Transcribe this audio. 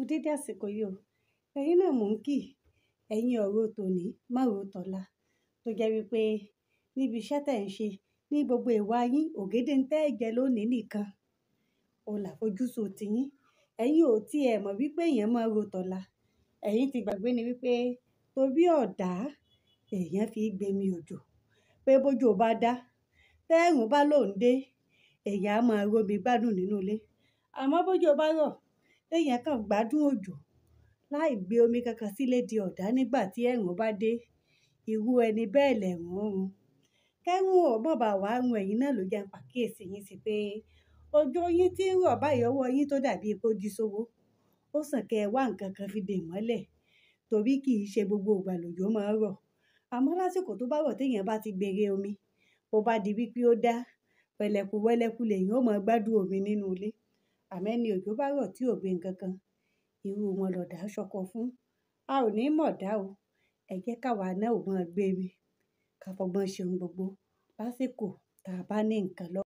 kú dédé àsìkò yìí o ẹ̀yin náà mò ń kì ẹ̀yin ọ̀rọ̀ tòní márùn tọ̀la tó jẹ́ wípé níbi iṣẹ́ tẹ̀ ń ṣe ní gbogbo ìwà yín ògèdè ń tẹ́ ẹ̀jẹ̀ lónìí nìkan o làfojúsùn tiyín ẹ̀yin ò tí ẹ̀ mọ̀ wípé èèyàn máa ro tọ̀la ẹ̀yin ti gbàgbé ni wípé torí ọ̀dà èèyàn fi gbẹmí òjò pé bójú ò bá dá tẹ́ẹ̀rùn bá lòún dé èèyàn á máa romi gbádùn nínú ilé àmọ́ bójú ò bá rọ̀ lẹ́yìn akàn gbádùn òjò láì gbé omi kankan sílé di ọ̀dá nígbà tí ẹ̀rùn bá dé irú ẹni bẹ́ẹ̀ lẹ̀rùn ń run kẹ́rùn wàá run ẹ̀yìn náà ló jẹ́ pàkíyèsí yín sí pé ojú yín tí ń rọ̀ báyìí ọwọ́ yín tó dàbí epo di sówó ó sàn kẹ́ ẹ wá nǹkan kan fi dè mọ́lẹ̀ torí kì í ṣe gbogbo ìgbà lòjò máa ń rọ̀ àmọ́ lásìkò tó bá rọ̀ téèyàn bá ti gbèrè omi bó bá di wípé ó dá pẹ̀lẹ̀kùwẹ́lẹ́kù lèyìn ó máa gbádùn omi nínú ilé àmọ́ ẹni òjò bá rọ̀ tí ò gbé nǹkan irú wọn lọ̀dà ṣọkọ fún a ò ní mọ̀ dá o ẹ jẹ́ káwa náà ò mọ̀ gbé mi ká fọgbọ́n ṣe gbogbo lásìkò tá a bá ní nǹkan lọ́wọ́